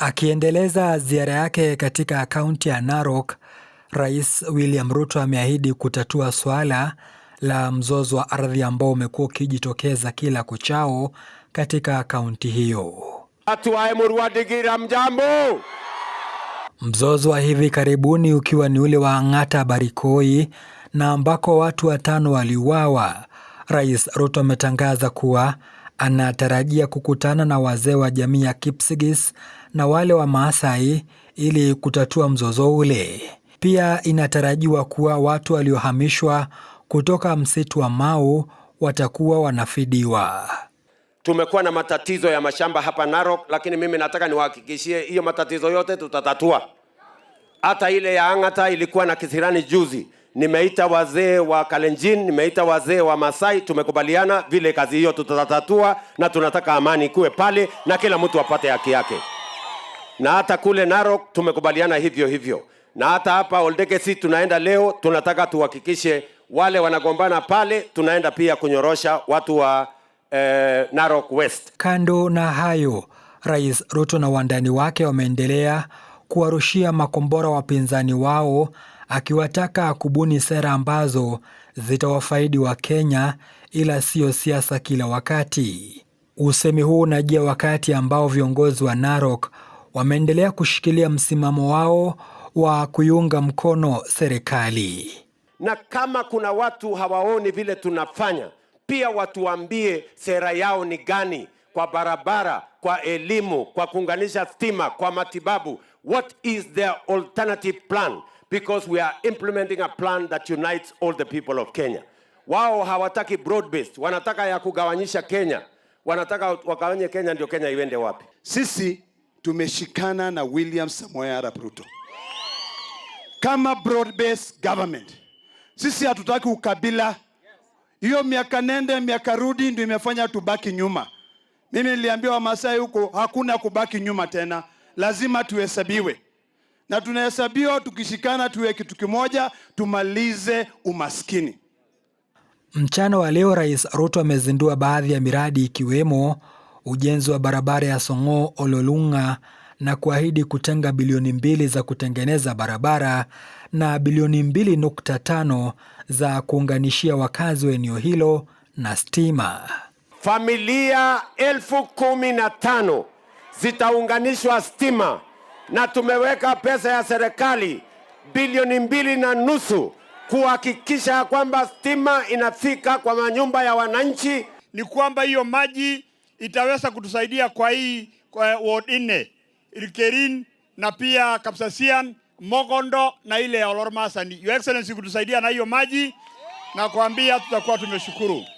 Akiendeleza ziara yake katika kaunti ya Narok, Rais William Ruto ameahidi kutatua suala la mzozo wa ardhi ambao umekuwa ukijitokeza kila kuchao katika kaunti hiyo. Mzozo wa hivi karibuni ukiwa ni ule wa Ng'ata Barikoi na ambako watu watano waliuawa. Rais Ruto ametangaza kuwa Anatarajia kukutana na wazee wa jamii ya Kipsigis na wale wa Maasai ili kutatua mzozo ule. Pia inatarajiwa kuwa watu waliohamishwa kutoka msitu wa Mau watakuwa wanafidiwa. Tumekuwa na matatizo ya mashamba hapa Narok, lakini mimi nataka niwahakikishie hiyo matatizo yote tutatatua. Hata ile ya Ang'ata ilikuwa na kisirani juzi, nimeita wazee wa Kalenjin, nimeita wazee wa Masai, tumekubaliana vile kazi hiyo tutatatua, na tunataka amani kuwe pale na kila mtu apate haki yake, na hata kule Narok tumekubaliana hivyo hivyo, na hata hapa Oldekesi tunaenda leo, tunataka tuhakikishe wale wanagombana pale, tunaenda pia kunyorosha watu wa eh, Narok West. Kando na hayo, Rais Ruto na wandani wake wameendelea kuwarushia makombora wapinzani wao akiwataka kubuni sera ambazo zitawafaidi wa kenya ila siyo siasa kila wakati. Usemi huu unajia wakati ambao viongozi wa Narok wameendelea kushikilia msimamo wao wa kuiunga mkono serikali. Na kama kuna watu hawaoni vile tunafanya, pia watuambie sera yao ni gani, kwa barabara, kwa elimu, kwa kuunganisha stima, kwa matibabu. What is their alternative plan? because we are implementing a plan that unites all the people of Kenya. Wao hawataki broad based, wanataka ya kugawanyisha Kenya, wanataka wakawanye Kenya ndio Kenya iende wapi. Sisi tumeshikana na William Samoei Arap Ruto kama broad based government. Sisi hatutaki ukabila. Hiyo miaka nende miaka rudi ndio imefanya tubaki nyuma. Mimi niliambiwa Wamasai huko hakuna kubaki nyuma tena, lazima tuhesabiwe na tunahesabiwa tukishikana tuwe kitu kimoja, tumalize umaskini. Mchana wa leo Rais Ruto amezindua baadhi ya miradi ikiwemo ujenzi wa barabara ya Song'o Ololunga na kuahidi kutenga bilioni mbili za kutengeneza barabara na bilioni mbili nukta tano za kuunganishia wakazi wa eneo hilo na stima. Familia elfu kumi na tano zitaunganishwa stima na tumeweka pesa ya serikali bilioni mbili na nusu kuhakikisha kwamba stima inafika kwa manyumba ya wananchi. Ni kwamba hiyo maji itaweza kutusaidia kwa hii kwa ward nne Ilkerin na pia Kapsasian, Mogondo na ile ya Olormasan. Your Excellency kutusaidia na hiyo maji na kuambia tutakuwa tumeshukuru.